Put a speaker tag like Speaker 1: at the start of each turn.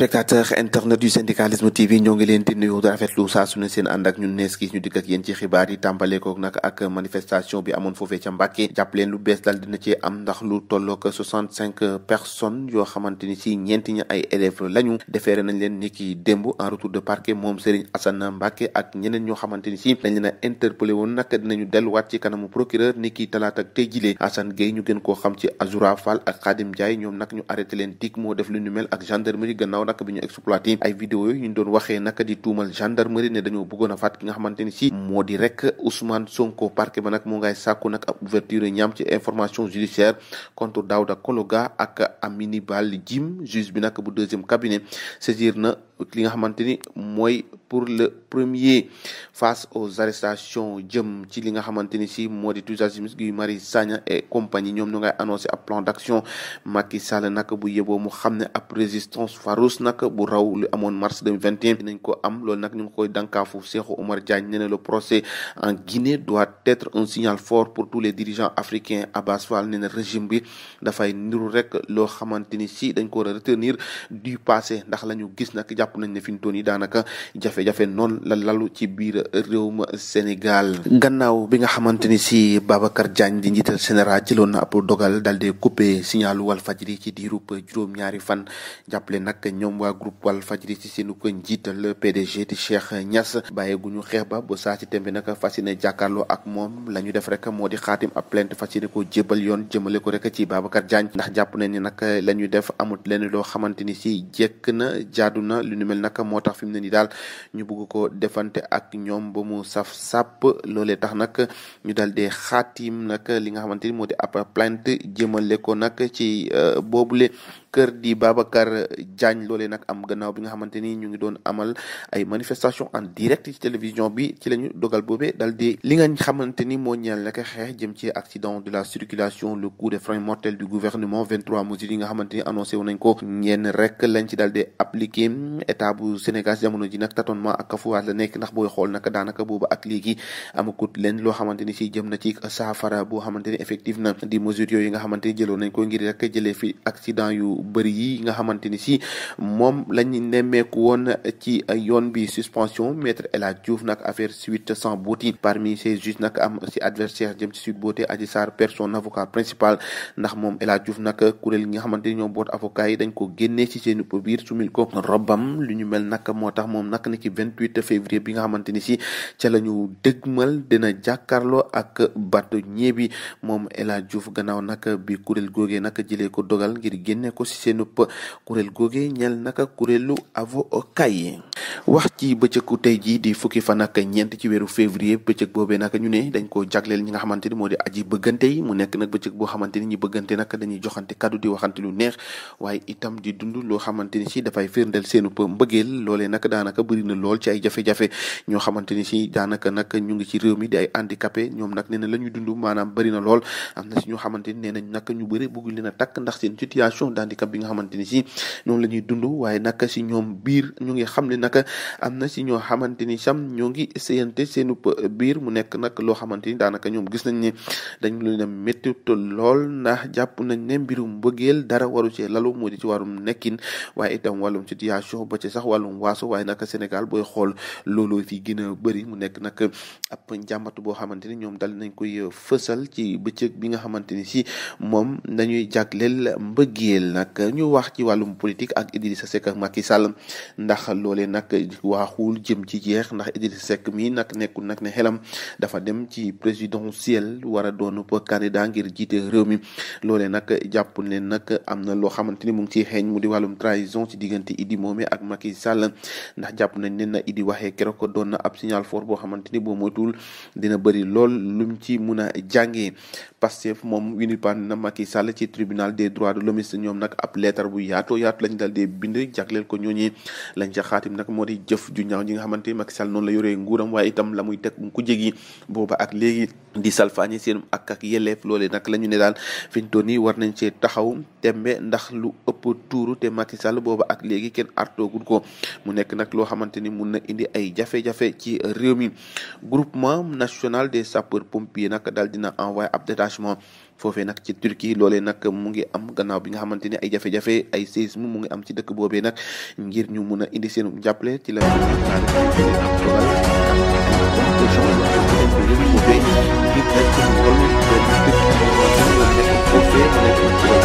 Speaker 1: téléspectateurs internet du syndicalisme TV ñoo ngi leen di nuyu rafetlu saa su ne seen ànd ak ñun nees ki ñu dikk ak yéen ci xibaar yi tàmbaleekook nag ak manifestation bi amoon foofee ca Mbàkke jàpp leen lu bees daal dina ci am ndax lu tollook 65 personnes yoo xamante ni si ñeenti ñi ay élèves lañu defeere nañ leen ni ki démb en retour de parquet moom Serigne Assane Mbàkke ak ñeneen ñoo xamante ni si dañ leen a interpellé woon nag dinañu delluwaat ci kanamu procureur ni ki talaata ak tey jilee ñu gën koo xam ci Azoura Fall ak Khadim Ndiaye ñoom nag ñu arrêté leen dik moo def ñu mel ak gendarmerie gannaaw nag bi ñu exploité ay vidéo yooyu ñu doon waxee naka di tuumal gendarmerie ne dañoo bëggoon a faat ki nga xamante ni moo di rek Ousmane Sonko parquet ba nag moo ngay sàkku nag ouverture ñaam ci information judiciaire contre Daouda Kologa ak Amini Bal Jim juge bi nag bu deuxième cabinet saisir na li nga xamante mooy pour le premier face aux arrestations jëm ci li nga xamante ni si moo di toutsagimis Guy Marius Sagna et compagnie ñoom ñu ngay annoncé ab plan d'action Macky Sall nag bu yeboo mu xam ne ab résistance farouche nag bu raw lu amoon mars 2021 dinañ ko am loolu nag ñu ngi koy dankaafu Cheikhou Oumar Diagne nee na le procès en Guinée doit être un signal fort pour tous les dirigeants africains Abass Fall nee régime bi dafay niru rek loo xamante ni si dañ ko war retenir du passé ndax lañu gis nag jàpp nañ ne fi ñu toon yi daanaka jafe-jafe noonu la lalu ci biir réewum Sénégal gannaaw bi nga xamante ni si Babacar Diagne di njiital général jëloon na ab dogal daal di coupé signalu Walfadjri ci diirub juróom-ñaari fan jàppale nag ñoom waa groupe Walfadjri ci seenu ko njiital PDG di Cheikh Niass bàyyeeguñu xeex ba ba saa si nag fas yéene jàkkaarloo ak moom la ñu def rek moo di xaatim ab plainte ko jébal yoon jëmale ko rek ci Babacar Diagne ndax jàpp na ni nag la ñu def amut lenn loo xamante ni si jekk na jaadu na lu nu mel nag moo tax fi mu ne nii daal ñu bugg ko defante ak ñoom ba mu saf sàpp loolee tax nag ñu daal di xaatim nag li nga xamante ni moo di ab plainte jëmale ko nag ci euh, boobule kër di Babacar jaañ loolee nag am gannaaw bi nga xamante ni ñu ngi doon amal ay manifestation en direct ci télévision bi ci la ñu dogal boobe dal di li nga xamante ni moo ñeel nag xeex jëm ci accident de la circulation le coup de frein mortel du gouvernement 23 mesures yi nga xamante ni annoncé wu nañ ko ñenn rek lañ ci daal di appliqué état bu Sénégal si jamono ji nag tâtonnement ak kafuwaat la nekk ndax booy xool nag daanaka boobu ak léegi amakut leen loo xamante ni si jëm na ci saafara boo xamante ni effective na di mesures yooyu nga xamante ni jëloon nañ ko ngir rek jëlee fi accident yu bëri yi nga xamante ni si moom lañ nemmeeku woon ci yoon bi suspension maître El Hadj Diouf nag affaire Sweet Sans Beauté parmi ces juges nag am si adversaire jëm ci Sweet Beauté Adji Sarr principal ndax moom El Hadj nag kuréel gi nga xamante ni ñoom boot avocat yi dañ ko génnee ci seen biir sumil ko robam lu ñu mel nag moo tax moom nag ni ci vingt huit février bi nga xamante ni si ca la ñu dëgmal dina jàkkaarloo ak bato ñee moom El Hadj gannaaw nag bi kuréel googee nag jëlee ko dogal ngir génne ko ci seenub kuréel googe ñeel naka kuréelu avocat yi wax ci bëccëgu tey jii di fukki fan ak ñeent ci weeru février bëccëg boobee nag ñu ne dañ koo jagleel ñi nga xamante ni moo di aji bëggante yi nekk nag bëccëg boo xamante ni ñi bëggante nag dañuy joxante kaddu di waxante lu neex waaye itam di dund loo xamante ni si dafay firndeel seenub mbëggeel loolee nag daanaka bëri na lool ci ay jafe-jafe ñoo xamante ni si daanaka nag ñu ngi ci réew mi di ay handicapé ñoom nag nee na la ñu dund maanaam bëri na lool am na si ñoo xamante ni nee nañ nag ñu bëri bëgg leen a takk ndax seen situation d' handicap bi nga xamante ni si noonu la ñuy dund waaye nag si ñoom biir ñu ngi xam ne nag am na si ñoo xamante ni sam ñoo ngi séyante seenu biir mu nekk nag loo xamante ni daanaka ñoom gis nañ ne dañ leen a métti lool ndax jàpp nañ ne mbirum mbëggeel dara waru cee lalu moo ci wàllum nekkin waaye itam wàllum situation ba ci sax wàllum nag Sénégal booy xool looloo fi gën bëri mu nekk nag ab njàmbatu boo xamante ni ñoom dal nañ koy fësal ci bëccëg bi nga xamante ni si moom dañuy jagleel mbëggeel nag nag ñu wax ci wàllum politique ak Idrissa Seck ak Macky Sall ndax loolee nag waaxul jëm ci jeex ndax Idrissa sekk mi nag nekkul nag ne xelam dafa dem ci présidentiel war a doon candidat ngir jiite réew mi loolee nag jàpp leen nag am na loo xamante ni mu ngi ciy xeeñ mu di wàllum trahison ci diggante Idi moome ak Macky Sall ndax jàpp nañ ne na Idi waxee keroog doon na ab signal fort boo xamante ni boo moytuwul dina bëri lool lum ci mun a jàngee Pastef moom wini pan na Macky Sall ci tribunal des droits de l'homme ñoom nag ab leetar bu yaatoo yaatu lañ daal di bind jagleel ko ñooñi lañ ca xaatim nag moo di jëf ju ñaaw ñi nga xamante ni Macky Sall noonu la yoree nguuram waaye itam la muy teg ku jégi booba ak léegi di salfaañi seen ak ak yelleef loole nag la ñu ne daal fi ñu toll nii war nañ cee taxaw tembe ndax lu ëpp tuuru te Macky Sall booba ak léegi kenn artoogul ko mu nekk nag loo xamante ni mun na indi ay jafe-jafe ci réew mi groupement national des sapeurs pompiers nag daal dina envoyé ab détachement foofe nag ci Turquie loolee nag mu ngi am gannaaw bi nga xamante ni ay jafe-jafe ay séisme mu ngi am ci dëkk boobee nag ngir ñu mun a indi seen jàppale ci la am